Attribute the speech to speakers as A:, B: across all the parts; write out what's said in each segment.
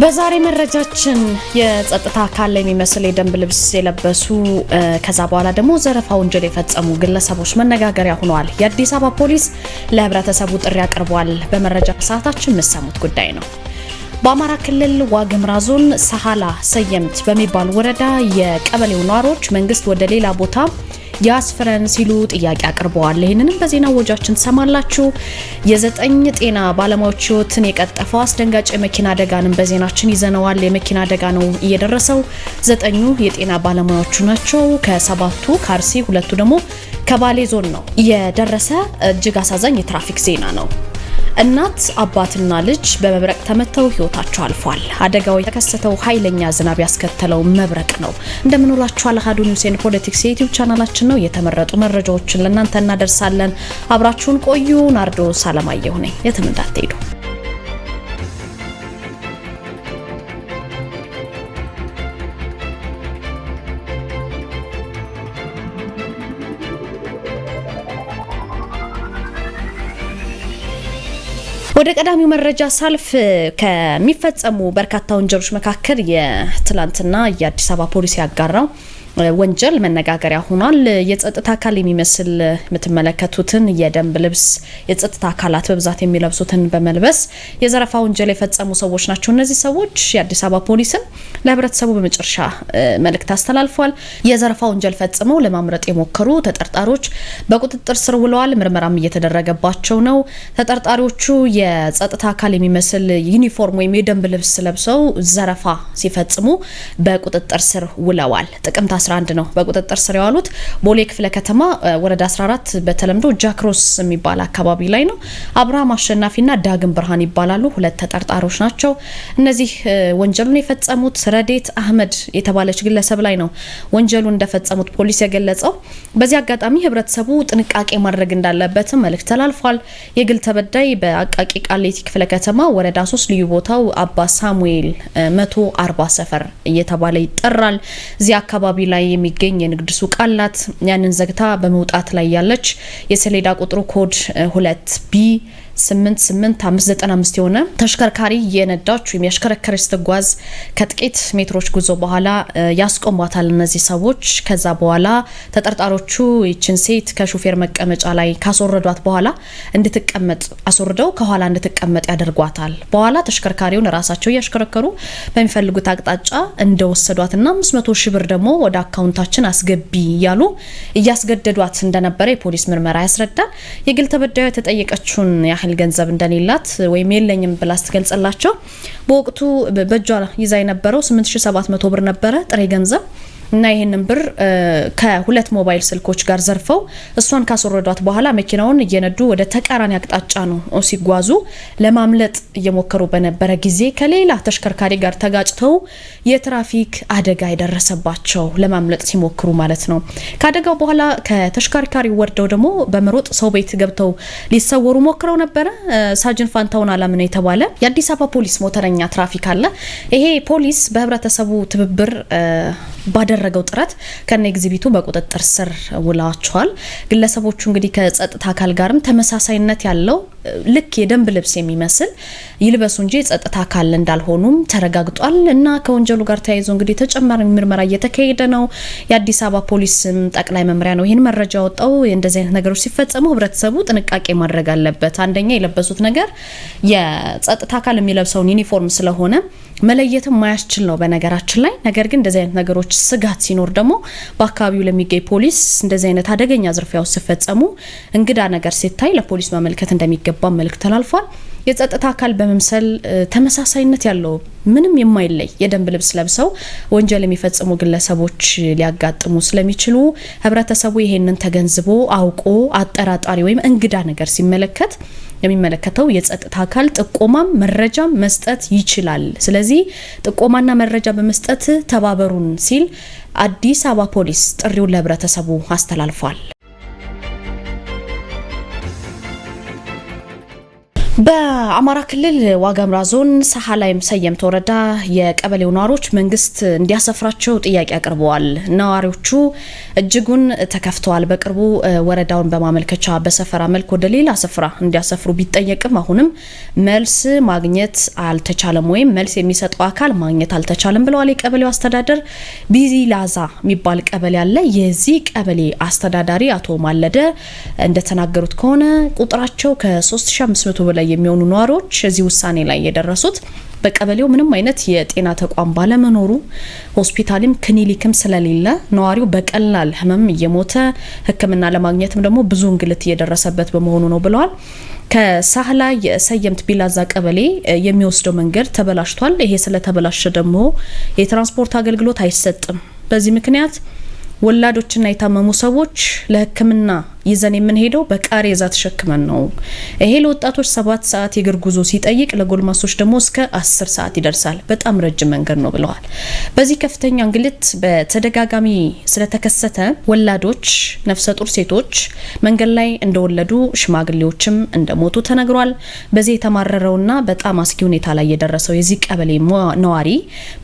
A: በዛሬ መረጃችን የጸጥታ አካል የሚመስል የደንብ ልብስ የለበሱ ከዛ በኋላ ደግሞ ዘረፋ ወንጀል የፈጸሙ ግለሰቦች መነጋገሪያ ሆነዋል። የአዲስ አበባ ፖሊስ ለህብረተሰቡ ጥሪ አቅርቧል። በመረጃ ሰዓታችን የምሰሙት ጉዳይ ነው። በአማራ ክልል ዋግምራ ዞን ሰሃላ ሰየምት በሚባል ወረዳ የቀበሌው ነዋሪዎች መንግስት ወደ ሌላ ቦታ ያስፍረን ሲሉ ጥያቄ አቅርበዋል። ይህንንም በዜና ወጃችን ትሰማላችሁ። የዘጠኝ ጤና ባለሙያዎች ህይወትን የቀጠፈው አስደንጋጭ የመኪና አደጋንም በዜናችን ይዘነዋል። የመኪና አደጋ ነው እየደረሰው። ዘጠኙ የጤና ባለሙያዎቹ ናቸው። ከሰባቱ ከአርሲ ሁለቱ ደግሞ ከባሌ ዞን ነው የደረሰ። እጅግ አሳዛኝ የትራፊክ ዜና ነው። እናት አባትና ልጅ በመብረቅ ተመተው ህይወታቸው አልፏል። አደጋው የተከሰተው ኃይለኛ ዝናብ ያስከተለው መብረቅ ነው። እንደምንውላችሁ አልአሃዱ ኒውስ ኤንድ ፖለቲክስ የዩቲዩብ ቻናላችን ነው። የተመረጡ መረጃዎችን ለእናንተ እናደርሳለን። አብራችሁን ቆዩ። ናርዶስ አለማየሁ ነኝ። የትም እንዳትሄዱ። ወደ ቀዳሚው መረጃ ሳልፍ ከሚፈጸሙ በርካታ ወንጀሎች መካከል የትላንትና የአዲስ አበባ ፖሊስ ያጋራው ወንጀል መነጋገሪያ ሆኗል። የጸጥታ አካል የሚመስል የምትመለከቱትን የደንብ ልብስ የጸጥታ አካላት በብዛት የሚለብሱትን በመልበስ የዘረፋ ወንጀል የፈጸሙ ሰዎች ናቸው። እነዚህ ሰዎች የአዲስ አበባ ፖሊስን ለህብረተሰቡ በመጨረሻ መልእክት አስተላልፏል። የዘረፋ ወንጀል ፈጽመው ለማምረጥ የሞከሩ ተጠርጣሪዎች በቁጥጥር ስር ውለዋል። ምርመራም እየተደረገባቸው ነው። ተጠርጣሪዎቹ የጸጥታ አካል የሚመስል ዩኒፎርም ወይም የደንብ ልብስ ለብሰው ዘረፋ ሲፈጽሙ በቁጥጥር ስር ውለዋል። ጥቅምት 11 ነው በቁጥጥር ስር የዋሉት። ቦሌ ክፍለ ከተማ ወረዳ 14 በተለምዶ ጃክሮስ የሚባል አካባቢ ላይ ነው። አብርሃም አሸናፊና ዳግም ብርሃን ይባላሉ። ሁለት ተጠርጣሪዎች ናቸው። እነዚህ ወንጀሉን የፈጸሙት ረዴት አህመድ የተባለች ግለሰብ ላይ ነው ወንጀሉን እንደፈጸሙት ፖሊስ የገለጸው። በዚህ አጋጣሚ ህብረተሰቡ ጥንቃቄ ማድረግ እንዳለበትም መልእክት ተላልፏል። የግል ተበዳይ በአቃቂ ቃሌቲ ክፍለ ከተማ ወረዳ 3 ልዩ ቦታው አባ ሳሙኤል 140 ሰፈር እየተባለ ይጠራል። እዚህ አካባቢ ላይ ላይ የሚገኝ የንግድ ሱቅ አላት። ያንን ዘግታ በመውጣት ላይ ያለች የሰሌዳ ቁጥሩ ኮድ ሁለት ቢ 88595 የሆነ ተሽከርካሪ የነዳች ወይም ያሽከረከረች ስትጓዝ ከጥቂት ሜትሮች ጉዞ በኋላ ያስቆሟታል እነዚህ ሰዎች። ከዛ በኋላ ተጠርጣሪዎቹ ይችን ሴት ከሹፌር መቀመጫ ላይ ካስወረዷት በኋላ እንድትቀመጥ አስወርደው ከኋላ እንድትቀመጥ ያደርጓታል። በኋላ ተሽከርካሪውን ራሳቸው እያሽከረከሩ በሚፈልጉት አቅጣጫ እንደወሰዷትና 500 ሺ ብር ደግሞ ወደ አካውንታችን አስገቢ እያሉ እያስገደዷት እንደነበረ የፖሊስ ምርመራ ያስረዳል። የግል ተበዳዩ የተጠየቀችውን ያህል ያክል ገንዘብ እንደሌላት ወይም የለኝም ብላ ስትገልጽላቸው በወቅቱ በእጇ ይዛ የነበረው 8700 ብር ነበረ ጥሬ ገንዘብ እና ይህንን ብር ከሁለት ሞባይል ስልኮች ጋር ዘርፈው እሷን ካስወረዷት በኋላ መኪናውን እየነዱ ወደ ተቃራኒ አቅጣጫ ነው ሲጓዙ ለማምለጥ እየሞከሩ በነበረ ጊዜ ከሌላ ተሽከርካሪ ጋር ተጋጭተው የትራፊክ አደጋ የደረሰባቸው ለማምለጥ ሲሞክሩ ማለት ነው። ከአደጋው በኋላ ከተሽከርካሪ ወርደው ደግሞ በመሮጥ ሰው ቤት ገብተው ሊሰወሩ ሞክረው ነበረ። ሳጅን ፋንታውን አላምነው የተባለ የአዲስ አበባ ፖሊስ ሞተረኛ ትራፊክ አለ። ይሄ ፖሊስ በህብረተሰቡ ትብብር ባደ በተደረገው ጥረት ከነ ኤግዚቢቱ በቁጥጥር ስር ውለዋቸዋል። ግለሰቦቹ እንግዲህ ከጸጥታ አካል ጋርም ተመሳሳይነት ያለው ልክ የደንብ ልብስ የሚመስል ይልበሱ እንጂ የጸጥታ አካል እንዳልሆኑም ተረጋግጧል። እና ከወንጀሉ ጋር ተያይዞ እንግዲህ ተጨማሪ ምርመራ እየተካሄደ ነው። የአዲስ አበባ ፖሊስም ጠቅላይ መምሪያ ነው ይህን መረጃ ወጣው። እንደዚህ አይነት ነገሮች ሲፈጸሙ ህብረተሰቡ ጥንቃቄ ማድረግ አለበት። አንደኛ የለበሱት ነገር የጸጥታ አካል የሚለብሰውን ዩኒፎርም ስለሆነ መለየትም ማያስችል ነው በነገራችን ላይ። ነገር ግን እንደዚህ አይነት ነገሮች ስጋት ሲኖር ደግሞ በአካባቢው ለሚገኝ ፖሊስ እንደዚህ አይነት አደገኛ ዝርፊያዎች ሲፈጸሙ እንግዳ ነገር ሲታይ ለፖሊስ መመልከት እንደሚገ እንደሚገባ መልእክት ተላልፏል። የጸጥታ አካል በመምሰል ተመሳሳይነት ያለው ምንም የማይለይ የደንብ ልብስ ለብሰው ወንጀል የሚፈጽሙ ግለሰቦች ሊያጋጥሙ ስለሚችሉ ህብረተሰቡ ይሄንን ተገንዝቦ አውቆ አጠራጣሪ ወይም እንግዳ ነገር ሲመለከት የሚመለከተው የጸጥታ አካል ጥቆማም መረጃም መስጠት ይችላል። ስለዚህ ጥቆማና መረጃ በመስጠት ተባበሩን ሲል አዲስ አበባ ፖሊስ ጥሪውን ለህብረተሰቡ አስተላልፏል። በአማራ ክልል ዋገምራ ዞን ላይም ሰየምት ወረዳ የቀበሌው ነዋሪዎች መንግስት እንዲያሰፍራቸው ጥያቄ አቅርበዋል። ነዋሪዎቹ እጅጉን ተከፍተዋል። በቅርቡ ወረዳውን በማመልከቻ በሰፈራ መልክ ወደ ሌላ ስፍራ እንዲያሰፍሩ ቢጠየቅም አሁንም መልስ ማግኘት አልተቻለም ወይም መልስ የሚሰጠው አካል ማግኘት አልተቻለም ብለዋል። የቀበሌው አስተዳደር ቢዚ ላዛ የሚባል ቀበሌ አለ። የዚህ ቀበሌ አስተዳዳሪ አቶ ማለደ እንደተናገሩት ከሆነ ቁጥራቸው ከ3500 በላይ የሚሆኑ ነዋሪዎች እዚህ ውሳኔ ላይ የደረሱት በቀበሌው ምንም አይነት የጤና ተቋም ባለመኖሩ ሆስፒታልም ክሊኒክም ስለሌለ ነዋሪው በቀላል ህመም እየሞተ ሕክምና ለማግኘትም ደግሞ ብዙ እንግልት እየደረሰበት በመሆኑ ነው ብለዋል። ከሳህላ የሰየምት ቢላዛ ቀበሌ የሚወስደው መንገድ ተበላሽቷል። ይሄ ስለተበላሸ ደግሞ የትራንስፖርት አገልግሎት አይሰጥም። በዚህ ምክንያት ወላዶችና የታመሙ ሰዎች ለሕክምና ይዘን የምንሄደው በቃሬዛ ተሸክመን ነው። ይሄ ለወጣቶች ሰባት ሰዓት የእግር ጉዞ ሲጠይቅ ለጎልማሶች ደግሞ እስከ አስር ሰዓት ይደርሳል። በጣም ረጅም መንገድ ነው ብለዋል። በዚህ ከፍተኛ እንግልት በተደጋጋሚ ስለተከሰተ ወላዶች፣ ነፍሰ ጡር ሴቶች መንገድ ላይ እንደወለዱ ሽማግሌዎችም እንደሞቱ ተነግሯል። በዚህ የተማረረውና በጣም አስጊ ሁኔታ ላይ የደረሰው የዚህ ቀበሌ ነዋሪ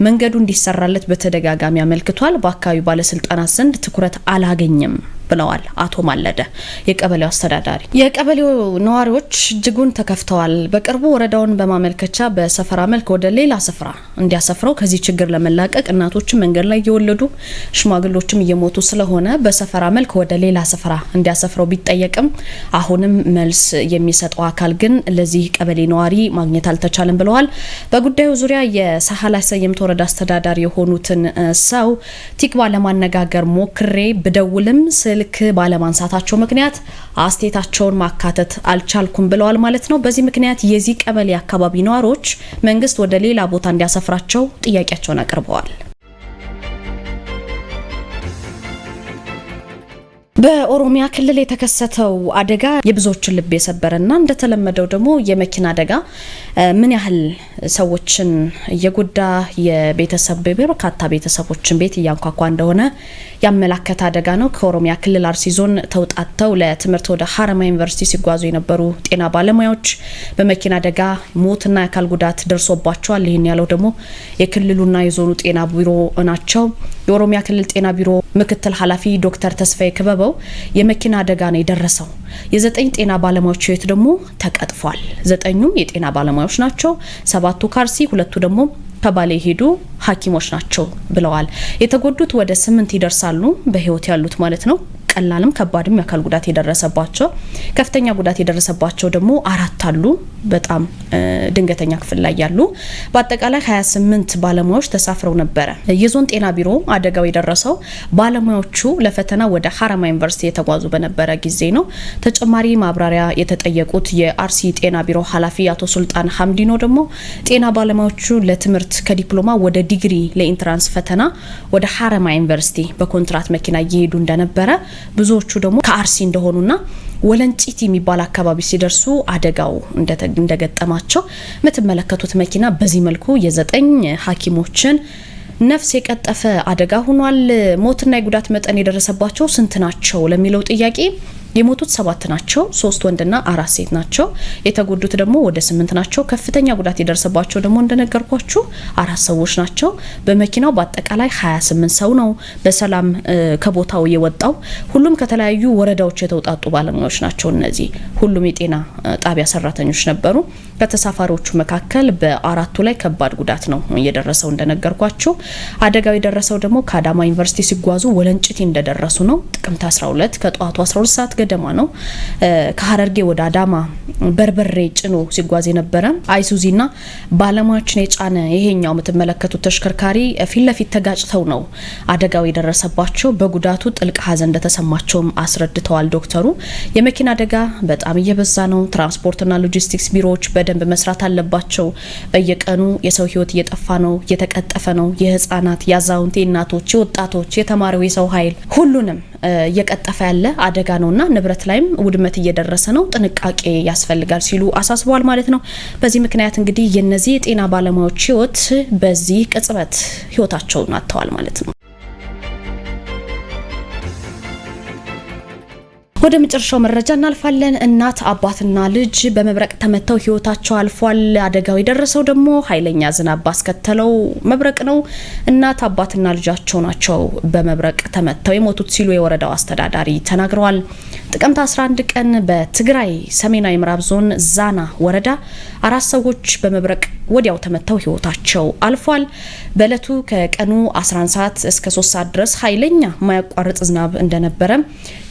A: መንገዱ እንዲሰራለት በተደጋጋሚ አመልክቷል። በአካባቢው ባለስልጣናት ዘንድ ትኩረት አላገኘም። ብለዋል አቶ ማለደ የቀበሌው አስተዳዳሪ። የቀበሌው ነዋሪዎች እጅጉን ተከፍተዋል። በቅርቡ ወረዳውን በማመልከቻ በሰፈራ መልክ ወደ ሌላ ስፍራ እንዲያሰፍረው ከዚህ ችግር ለመላቀቅ እናቶችም መንገድ ላይ እየወለዱ ሽማግሎችም እየሞቱ ስለሆነ በሰፈራ መልክ ወደ ሌላ ስፍራ እንዲያሰፍረው ቢጠየቅም አሁንም መልስ የሚሰጠው አካል ግን ለዚህ ቀበሌ ነዋሪ ማግኘት አልተቻለም ብለዋል። በጉዳዩ ዙሪያ የሳህላ ሰየምት ወረዳ አስተዳዳሪ የሆኑትን ሰው ቲክባ ለማነጋገር ሞክሬ ብደውልም ልክ ባለማንሳታቸው ምክንያት አስተያየታቸውን ማካተት አልቻልኩም ብለዋል ማለት ነው። በዚህ ምክንያት የዚህ ቀበሌ አካባቢ ነዋሪዎች መንግስት ወደ ሌላ ቦታ እንዲያሰፍራቸው ጥያቄያቸውን አቅርበዋል። በኦሮሚያ ክልል የተከሰተው አደጋ የብዙዎችን ልብ የሰበረና እንደተለመደው ደግሞ የመኪና አደጋ ምን ያህል ሰዎችን እየጎዳ የቤተሰብ በርካታ ቤተሰቦችን ቤት እያንኳኳ እንደሆነ ያመላከተ አደጋ ነው። ከኦሮሚያ ክልል አርሲ ዞን ተውጣተው ለትምህርት ወደ ሀረማያ ዩኒቨርሲቲ ሲጓዙ የነበሩ ጤና ባለሙያዎች በመኪና አደጋ ሞትና የአካል ጉዳት ደርሶባቸዋል። ይህን ያለው ደግሞ የክልሉና የዞኑ ጤና ቢሮ ናቸው። የኦሮሚያ ክልል ጤና ቢሮ ምክትል ኃላፊ ዶክተር ተስፋዬ ክበበው የመኪና አደጋ ነው የደረሰው የዘጠኝ ጤና ባለሙያዎች ህይወት ደግሞ ተቀጥፏል። ዘጠኙም የጤና ባለሙያዎች ናቸው። ሰባቱ ካርሲ፣ ሁለቱ ደግሞ ከባሌ ሄዱ ሐኪሞች ናቸው ብለዋል። የተጎዱት ወደ ስምንት ይደርሳሉ በህይወት ያሉት ማለት ነው። ቀላልም ከባድም የአካል ጉዳት የደረሰባቸው ከፍተኛ ጉዳት የደረሰባቸው ደግሞ አራት አሉ። በጣም ድንገተኛ ክፍል ላይ ያሉ በአጠቃላይ 28 ባለሙያዎች ተሳፍረው ነበረ። የዞን ጤና ቢሮ አደጋው የደረሰው ባለሙያዎቹ ለፈተና ወደ ሀረማ ዩኒቨርሲቲ የተጓዙ በነበረ ጊዜ ነው። ተጨማሪ ማብራሪያ የተጠየቁት የአርሲ ጤና ቢሮ ኃላፊ አቶ ሱልጣን ሀምዲኖ ደግሞ ጤና ባለሙያዎቹ ለትምህርት ከዲፕሎማ ወደ ዲግሪ ለኢንትራንስ ፈተና ወደ ሀረማ ዩኒቨርሲቲ በኮንትራት መኪና እየሄዱ እንደነበረ ብዙዎቹ ደግሞ ከአርሲ እንደሆኑና ወለንጪት የሚባል አካባቢ ሲደርሱ አደጋው እንደገጠማቸው የምትመለከቱት መኪና በዚህ መልኩ የዘጠኝ ሐኪሞችን ነፍስ የቀጠፈ አደጋ ሆኗል። ሞትና የጉዳት መጠን የደረሰባቸው ስንት ናቸው ለሚለው ጥያቄ የሞቱት ሰባት ናቸው፣ ሶስት ወንድና አራት ሴት ናቸው። የተጎዱት ደግሞ ወደ ስምንት ናቸው። ከፍተኛ ጉዳት የደረሰባቸው ደግሞ እንደነገርኳችሁ አራት ሰዎች ናቸው። በመኪናው በአጠቃላይ 28 ሰው ነው በሰላም ከቦታው የወጣው። ሁሉም ከተለያዩ ወረዳዎች የተውጣጡ ባለሙያዎች ናቸው። እነዚህ ሁሉም የጤና ጣቢያ ሰራተኞች ነበሩ። ከተሳፋሪዎቹ መካከል በአራቱ ላይ ከባድ ጉዳት ነው እየደረሰው እንደነገርኳቸው አደጋው የደረሰው ደግሞ ከአዳማ ዩኒቨርሲቲ ሲጓዙ ወለንጭቲ እንደደረሱ ነው ጥቅምት 12 ከጠዋቱ 12 ሰዓት ገደማ ነው ከሀረርጌ ወደ አዳማ በርበሬ ጭኖ ሲጓዝ የነበረ አይሱዚና ባለሙያችን የጫነ ይሄኛው የምትመለከቱት ተሽከርካሪ ፊት ለፊት ተጋጭተው ነው አደጋው የደረሰባቸው። በጉዳቱ ጥልቅ ሐዘን እንደተሰማቸውም አስረድተዋል ዶክተሩ። የመኪና አደጋ በጣም እየበዛ ነው። ትራንስፖርትና ሎጂስቲክስ ቢሮዎች በደንብ መስራት አለባቸው። በየቀኑ የሰው ህይወት እየጠፋ ነው፣ እየተቀጠፈ ነው። የህፃናት፣ የአዛውንት፣ የእናቶች፣ የወጣቶች፣ የተማሪው፣ የሰው ኃይል ሁሉንም እየቀጠፈ ያለ አደጋ ነውና ንብረት ላይም ውድመት እየደረሰ ነው፣ ጥንቃቄ ያስፈልጋል ሲሉ አሳስበዋል ማለት ነው። በዚህ ምክንያት እንግዲህ የነዚህ የጤና ባለሙያዎች ህይወት በዚህ ቅጽበት ህይወታቸውን አጥተዋል ማለት ነው። ወደ መጨረሻው መረጃ እናልፋለን። እናት አባትና ልጅ በመብረቅ ተመተው ህይወታቸው አልፏል። አደጋው የደረሰው ደግሞ ኃይለኛ ዝናብ ባስከተለው መብረቅ ነው። እናት አባትና ልጃቸው ናቸው በመብረቅ ተመተው የሞቱት ሲሉ የወረዳው አስተዳዳሪ ተናግረዋል። ጥቅምት 11 ቀን በትግራይ ሰሜናዊ ምዕራብ ዞን ዛና ወረዳ አራት ሰዎች በመብረቅ ወዲያው ተመተው ህይወታቸው አልፏል። በእለቱ ከቀኑ 11 ሰዓት እስከ 3 ሰዓት ድረስ ኃይለኛ የማያቋርጥ ዝናብ እንደነበረ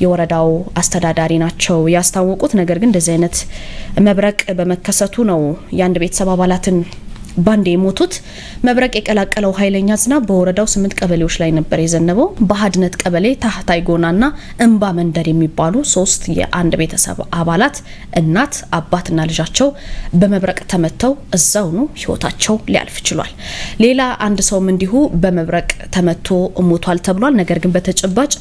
A: የወረዳው አስተዳዳሪ ናቸው ያስታወቁት። ነገር ግን እንደዚህ አይነት መብረቅ በመከሰቱ ነው የአንድ ቤተሰብ አባላትን ባንዴ የሞቱት መብረቅ የቀላቀለው ኃይለኛ ዝናብ በወረዳው ስምንት ቀበሌዎች ላይ ነበር የዘነበው። በሀድነት ቀበሌ ታህታይ ጎናና እንባ መንደር የሚባሉ ሶስት የአንድ ቤተሰብ አባላት እናት፣ አባትና ልጃቸው በመብረቅ ተመተው እዛውኑ ህይወታቸው ሊያልፍ ችሏል። ሌላ አንድ ሰውም እንዲሁ በመብረቅ ተመቶ ሞቷል ተብሏል። ነገር ግን በተጨባጭ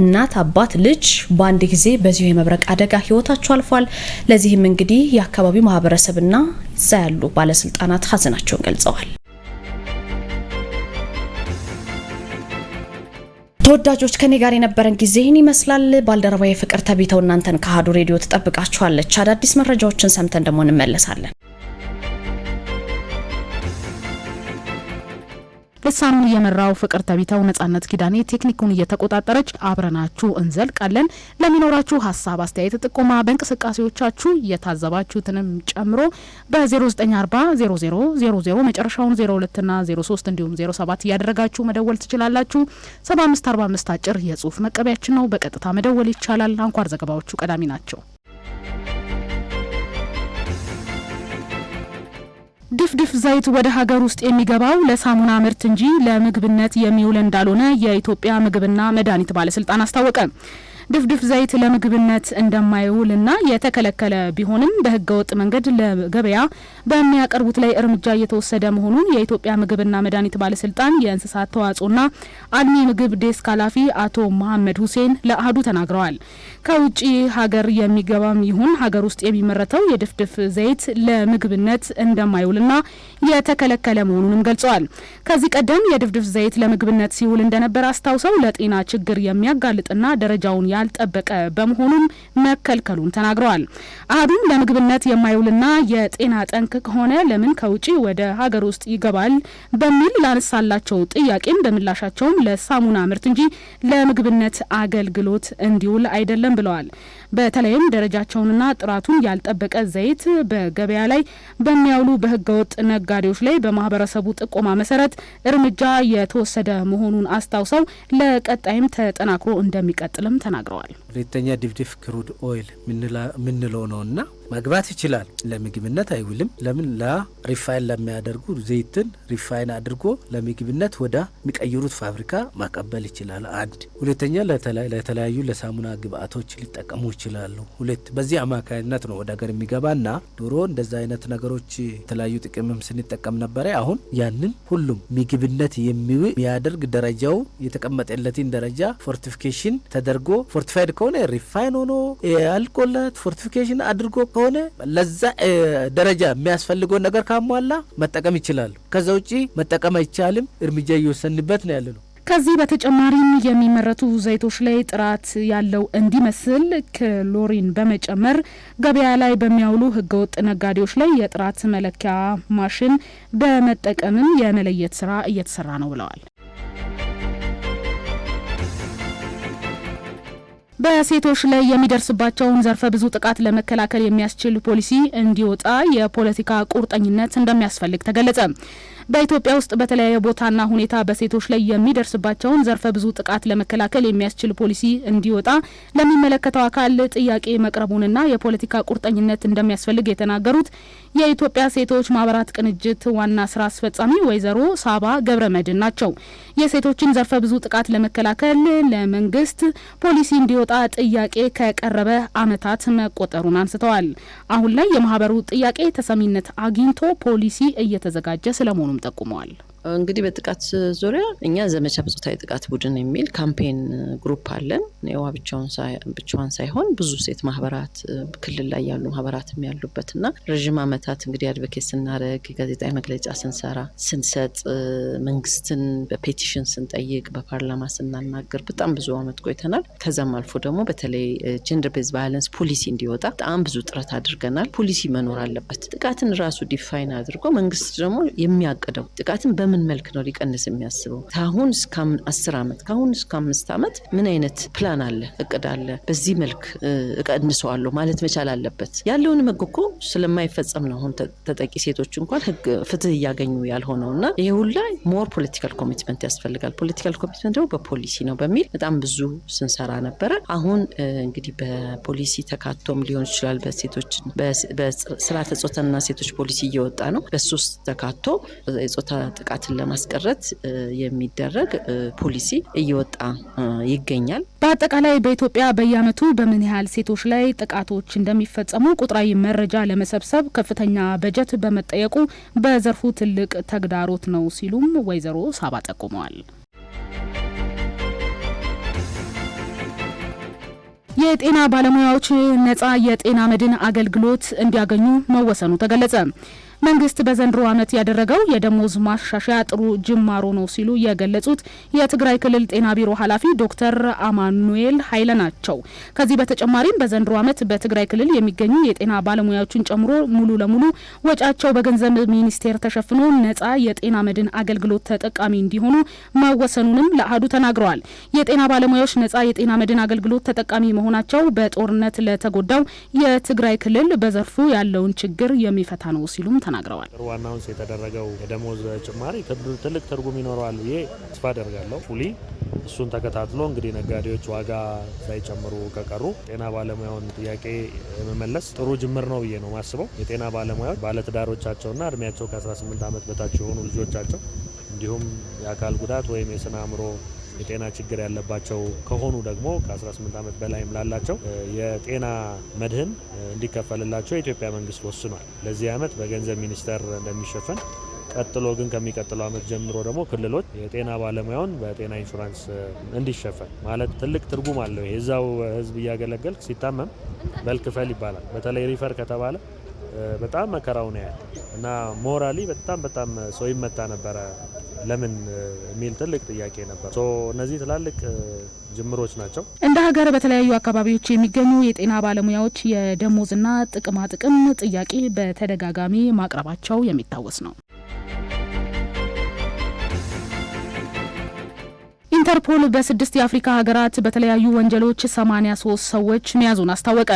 A: እናት፣ አባት፣ ልጅ በአንድ ጊዜ በዚሁ የመብረቅ አደጋ ህይወታቸው አልፏል። ለዚህም እንግዲህ የአካባቢው ማህበረሰብና እዛ ያሉ ባለስልጣናት ሀዘናቸውን ገልጸዋል። ተወዳጆች ከኔ ጋር የነበረን ጊዜ ይህን ይመስላል። ባልደረባ የፍቅር ተቢተው እናንተን ከአሀዱ ሬዲዮ ትጠብቃችኋለች። አዳዲስ መረጃዎችን ሰምተን ደግሞ እንመለሳለን። ልሳኑን የመራው ፍቅር ተቢተው፣ ነጻነት ኪዳኔ ቴክኒኩን እየተቆጣጠረች አብረናችሁ እንዘልቃለን። ለሚኖራችሁ ሀሳብ፣ አስተያየት፣ ጥቆማ በእንቅስቃሴዎቻችሁ እየታዘባችሁትንም ጨምሮ በ09400000 መጨረሻውን 02ና 03 እንዲሁም 07 እያደረጋችሁ መደወል ትችላላችሁ። 7545 አጭር የጽሁፍ መቀበያችን ነው። በቀጥታ መደወል ይቻላል። አንኳር ዘገባዎቹ ቀዳሚ ናቸው። ድፍድፍ ዘይት ወደ ሀገር ውስጥ የሚገባው ለሳሙና ምርት እንጂ ለምግብነት የሚውል እንዳልሆነ የኢትዮጵያ ምግብና መድኃኒት ባለስልጣን አስታወቀ። ድፍድፍ ዘይት ለምግብነት እንደማይውልና የተከለከለ ቢሆንም በህገወጥ መንገድ ለገበያ በሚያቀርቡት ላይ እርምጃ እየተወሰደ መሆኑን የኢትዮጵያ ምግብና መድኃኒት ባለስልጣን የእንስሳት ተዋጽኦና አልሚ ምግብ ዴስክ ኃላፊ አቶ መሀመድ ሁሴን ለአህዱ ተናግረዋል። ከውጭ ሀገር የሚገባም ይሁን ሀገር ውስጥ የሚመረተው የድፍድፍ ዘይት ለምግብነት እንደማይውልና የተከለከለ መሆኑንም ገልጸዋል። ከዚህ ቀደም የድፍድፍ ዘይት ለምግብነት ሲውል እንደነበር አስታውሰው ለጤና ችግር የሚያጋልጥና ደረጃውን ያልጠበቀ በመሆኑም መከልከሉን ተናግረዋል። አህዱም ለምግብነት የማይውልና የጤና ጠንቅ ከሆነ ለምን ከውጪ ወደ ሀገር ውስጥ ይገባል በሚል ላነሳላቸው ጥያቄም በምላሻቸውም ለሳሙና ምርት እንጂ ለምግብነት አገልግሎት እንዲውል አይደለም ብለዋል። በተለይም ደረጃቸውንና ጥራቱን ያልጠበቀ ዘይት በገበያ ላይ በሚያውሉ በህገወጥ ነጋዴዎች ላይ በማህበረሰቡ ጥቆማ መሰረት እርምጃ የተወሰደ መሆኑን አስታውሰው ለቀጣይም ተጠናክሮ እንደሚቀጥልም ተናግረዋል።
B: ሁለተኛ ድፍድፍ ክሩድ ኦይል ምንለው ነውና መግባት ይችላል። ለምግብነት አይውልም። ለምን ለሪፋይን ለሚያደርጉ ዘይትን ሪፋይን አድርጎ ለምግብነት ወደ የሚቀይሩት ፋብሪካ ማቀበል ይችላል። አንድ ሁለተኛ፣ ለተለያዩ ለሳሙና ግብአቶች ሊጠቀሙ ይችላሉ። ሁለት በዚህ አማካኝነት ነው ወደ ሀገር የሚገባና ዶሮ እንደዚ አይነት ነገሮች የተለያዩ ጥቅምም ስንጠቀም ነበረ። አሁን ያንን ሁሉም ምግብነት የሚያደርግ ደረጃው የተቀመጠለትን ደረጃ ፎርቲፊኬሽን ተደርጎ ፎርቲፋይድ ከሆነ ሪፋይን ሆኖ አልቆለት ፎርቲፊኬሽን አድርጎ ከሆነ ለዛ ደረጃ የሚያስፈልገውን ነገር ካሟላ መጠቀም ይችላሉ። ከዛ ውጭ መጠቀም አይቻልም እርምጃ እየወሰንበት ነው ያለ ነው።
A: ከዚህ በተጨማሪም የሚመረቱ ዘይቶች ላይ ጥራት ያለው እንዲመስል ክሎሪን በመጨመር ገበያ ላይ በሚያውሉ ህገወጥ ነጋዴዎች ላይ የጥራት መለኪያ ማሽን በመጠቀምም የመለየት ስራ እየተሰራ ነው ብለዋል። በሴቶች ላይ የሚደርስባቸውን ዘርፈ ብዙ ጥቃት ለመከላከል የሚያስችል ፖሊሲ እንዲወጣ የፖለቲካ ቁርጠኝነት እንደሚያስፈልግ ተገለጸ። በኢትዮጵያ ውስጥ በተለያየ ቦታና ሁኔታ በሴቶች ላይ የሚደርስባቸውን ዘርፈ ብዙ ጥቃት ለመከላከል የሚያስችል ፖሊሲ እንዲወጣ ለሚመለከተው አካል ጥያቄ መቅረቡንና የፖለቲካ ቁርጠኝነት እንደሚያስፈልግ የተናገሩት የኢትዮጵያ ሴቶች ማህበራት ቅንጅት ዋና ስራ አስፈጻሚ ወይዘሮ ሳባ ገብረ መድን ናቸው። የሴቶችን ዘርፈ ብዙ ጥቃት ለመከላከል ለመንግስት ፖሊሲ እንዲወጣ ጥያቄ ከቀረበ አመታት መቆጠሩን አንስተዋል። አሁን ላይ የማህበሩ ጥያቄ ተሰሚነት አግኝቶ ፖሊሲ እየተዘጋጀ ስለመሆኑም ጠቁመዋል።
B: እንግዲህ በጥቃት ዙሪያ እኛ ዘመቻ በጾታዊ ጥቃት ቡድን የሚል ካምፔን ግሩፕ አለን። የዋ ብቻዋን ሳይሆን ብዙ ሴት ማህበራት ክልል ላይ ያሉ ማህበራትም ያሉበት እና ረዥም ዓመታት እንግዲህ አድቮኬት ስናደረግ የጋዜጣዊ መግለጫ ስንሰራ ስንሰጥ፣ መንግስትን በፔቲሽን ስንጠይቅ፣ በፓርላማ ስናናገር በጣም ብዙ ዓመት ቆይተናል። ከዛም አልፎ ደግሞ በተለይ ጀንደር ቤዝ ቫዮለንስ ፖሊሲ እንዲወጣ በጣም ብዙ ጥረት አድርገናል። ፖሊሲ መኖር አለበት። ጥቃትን ራሱ ዲፋይን አድርጎ መንግስት ደግሞ የሚያቅደው ጥቃትን በምን በምን መልክ ነው ሊቀንስ የሚያስበው? ከአሁን እስከ አስር ዓመት ከአሁን እስከ አምስት ዓመት ምን አይነት ፕላን አለ፣ እቅድ አለ፣ በዚህ መልክ እቀንሰዋለሁ ማለት መቻል አለበት። ያለውን ህግ እኮ ስለማይፈጸም ነው አሁን ተጠቂ ሴቶች እንኳን ህግ ፍትህ እያገኙ ያልሆነው እና ይህ ሁላ ሞር ፖለቲካል ኮሚትመንት ያስፈልጋል። ፖለቲካል ኮሚትመንት ደግሞ በፖሊሲ ነው በሚል በጣም ብዙ ስንሰራ ነበረ። አሁን እንግዲህ በፖሊሲ ተካቶም ሊሆን ይችላል። በሴቶች በስርዓተ ጾታና ሴቶች ፖሊሲ እየወጣ ነው። በሶስት ተካቶ የጾታ ጥቃት ጥቃትን ለማስቀረት የሚደረግ ፖሊሲ እየወጣ ይገኛል።
A: በአጠቃላይ በኢትዮጵያ በየዓመቱ በምን ያህል ሴቶች ላይ ጥቃቶች እንደሚፈጸሙ ቁጥራዊ መረጃ ለመሰብሰብ ከፍተኛ በጀት በመጠየቁ በዘርፉ ትልቅ ተግዳሮት ነው ሲሉም ወይዘሮ ሳባ ጠቁመዋል። የጤና ባለሙያዎች ነጻ የጤና መድን አገልግሎት እንዲያገኙ መወሰኑ ተገለጸ። መንግስት በዘንድሮ ዓመት ያደረገው የደሞዝ ማሻሻያ ጥሩ ጅማሮ ነው ሲሉ የገለጹት የትግራይ ክልል ጤና ቢሮ ኃላፊ ዶክተር አማኑኤል ኃይለ ናቸው። ከዚህ በተጨማሪም በዘንድሮ ዓመት በትግራይ ክልል የሚገኙ የጤና ባለሙያዎችን ጨምሮ ሙሉ ለሙሉ ወጫቸው በገንዘብ ሚኒስቴር ተሸፍኖ ነጻ የጤና መድን አገልግሎት ተጠቃሚ እንዲሆኑ መወሰኑንም ለአህዱ ተናግረዋል። የጤና ባለሙያዎች ነጻ የጤና መድን አገልግሎት ተጠቃሚ መሆናቸው በጦርነት ለተጎዳው የትግራይ ክልል በዘርፉ ያለውን ችግር የሚፈታ ነው ሲሉም ተናግረዋል።
C: ዋናውንስ የተደረገው የደሞዝ ጭማሪ ትልቅ ትርጉም ይኖረዋል ብዬ ተስፋ አደርጋለሁ። ፉሊ እሱን ተከታትሎ እንግዲህ ነጋዴዎች ዋጋ ሳይጨምሩ ከቀሩ ጤና ባለሙያውን ጥያቄ መመለስ ጥሩ ጅምር ነው ብዬ ነው ማስበው። የጤና ባለሙያዎች ባለትዳሮቻቸውና እድሜያቸው ከ18 ዓመት በታች የሆኑ ልጆቻቸው እንዲሁም የአካል ጉዳት ወይም የስነ አእምሮ የጤና ችግር ያለባቸው ከሆኑ ደግሞ ከ18 ዓመት በላይም ላላቸው የጤና መድህን እንዲከፈልላቸው የኢትዮጵያ መንግስት ወስኗል። ለዚህ ዓመት በገንዘብ ሚኒስቴር እንደሚሸፈን ቀጥሎ ግን ከሚቀጥለው ዓመት ጀምሮ ደግሞ ክልሎች የጤና ባለሙያውን በጤና ኢንሹራንስ እንዲሸፈን ማለት ትልቅ ትርጉም አለው። የዛው ህዝብ እያገለገልክ ሲታመም በልክፈል ይባላል። በተለይ ሪፈር ከተባለ በጣም መከራው ነው ያለ እና ሞራሊ በጣም በጣም ሰው ይመታ ነበረ። ለምን የሚል ትልቅ ጥያቄ ነበር። እነዚህ ትላልቅ ጅምሮች ናቸው።
A: እንደ ሀገር በተለያዩ አካባቢዎች የሚገኙ የጤና ባለሙያዎች የደሞዝና ጥቅማ ጥቅም ጥያቄ በተደጋጋሚ ማቅረባቸው የሚታወስ ነው። ኢንተርፖል በስድስት የአፍሪካ ሀገራት በተለያዩ ወንጀሎች 83 ሰዎች መያዙን አስታወቀ።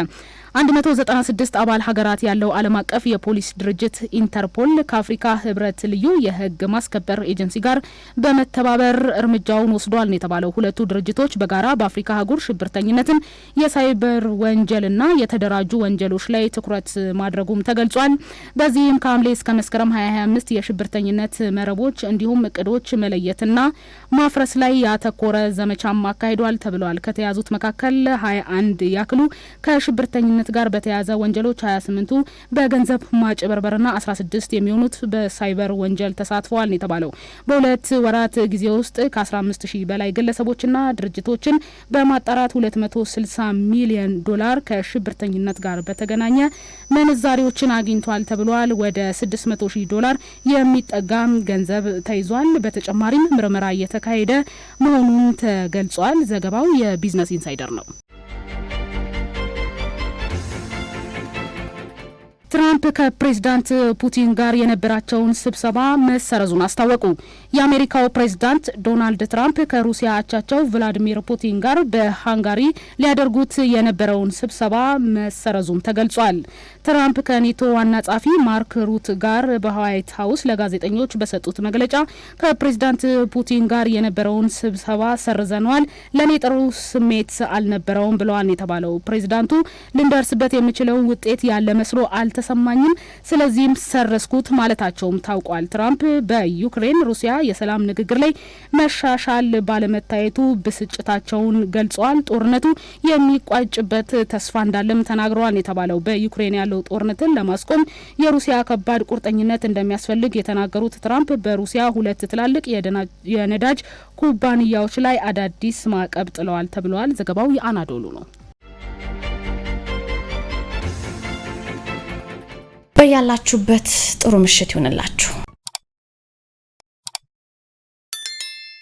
A: 196 አባል ሀገራት ያለው ዓለም አቀፍ የፖሊስ ድርጅት ኢንተርፖል ከአፍሪካ ህብረት ልዩ የህግ ማስከበር ኤጀንሲ ጋር በመተባበር እርምጃውን ወስዷል ነው የተባለው። ሁለቱ ድርጅቶች በጋራ በአፍሪካ አህጉር ሽብርተኝነትን፣ የሳይበር ወንጀልና የተደራጁ ወንጀሎች ላይ ትኩረት ማድረጉም ተገልጿል። በዚህም ከሐምሌ እስከ መስከረም 2025 የሽብርተኝነት መረቦች እንዲሁም እቅዶች መለየትና ማፍረስ ላይ ያተኮረ ዘመቻም አካሂዷል ተብሏል። ከተያዙት መካከል 21 ያክሉ ከሽብርተኝነት አሸባሪነት ጋር በተያያዘ ወንጀሎች ሀያ ስምንቱ በገንዘብ ማጭበርበርና ስድስት የሚሆኑት በሳይበር ወንጀል ተሳትፈዋል የተባለው። በሁለት ወራት ጊዜ ውስጥ ከ15 ሺህ በላይ ግለሰቦችና ድርጅቶችን በማጣራት ስልሳ ሚሊዮን ዶላር ከሽብርተኝነት ጋር በተገናኘ ምንዛሪዎችን አግኝቷል ተብሏል። ወደ መቶ ሺህ ዶላር የሚጠጋም ገንዘብ ተይዟል። በተጨማሪም ምርመራ እየተካሄደ መሆኑን ተገልጿል። ዘገባው የቢዝነስ ኢንሳይደር ነው። ትራምፕ ከፕሬዝዳንት ፑቲን ጋር የነበራቸውን ስብሰባ መሰረዙን አስታወቁ። የአሜሪካው ፕሬዝዳንት ዶናልድ ትራምፕ ከሩሲያ አቻቸው ቭላዲሚር ፑቲን ጋር በሃንጋሪ ሊያደርጉት የነበረውን ስብሰባ መሰረዙም ተገልጿል። ትራምፕ ከኔቶ ዋና ጸሐፊ ማርክ ሩት ጋር በዋይት ሀውስ ለጋዜጠኞች በሰጡት መግለጫ ከፕሬዝዳንት ፑቲን ጋር የነበረውን ስብሰባ ሰርዘነዋል፣ ለእኔ ጥሩ ስሜት አልነበረውም ብለዋል የተባለው ፕሬዝዳንቱ ልንደርስበት የምችለው ውጤት ያለ መስሎ አልተ አልተሰማኝም፣ ስለዚህም ሰረዝኩት ማለታቸውም ታውቋል። ትራምፕ በዩክሬን ሩሲያ የሰላም ንግግር ላይ መሻሻል ባለመታየቱ ብስጭታቸውን ገልጸዋል። ጦርነቱ የሚቋጭበት ተስፋ እንዳለም ተናግረዋል የተባለው በዩክሬን ያለው ጦርነትን ለማስቆም የሩሲያ ከባድ ቁርጠኝነት እንደሚያስፈልግ የተናገሩት ትራምፕ በሩሲያ ሁለት ትላልቅ የነዳጅ ኩባንያዎች ላይ አዳዲስ ማዕቀብ ጥለዋል ተብለዋል። ዘገባው የአናዶሉ ነው። በያላችሁበት ጥሩ ምሽት ይሆንላችሁ።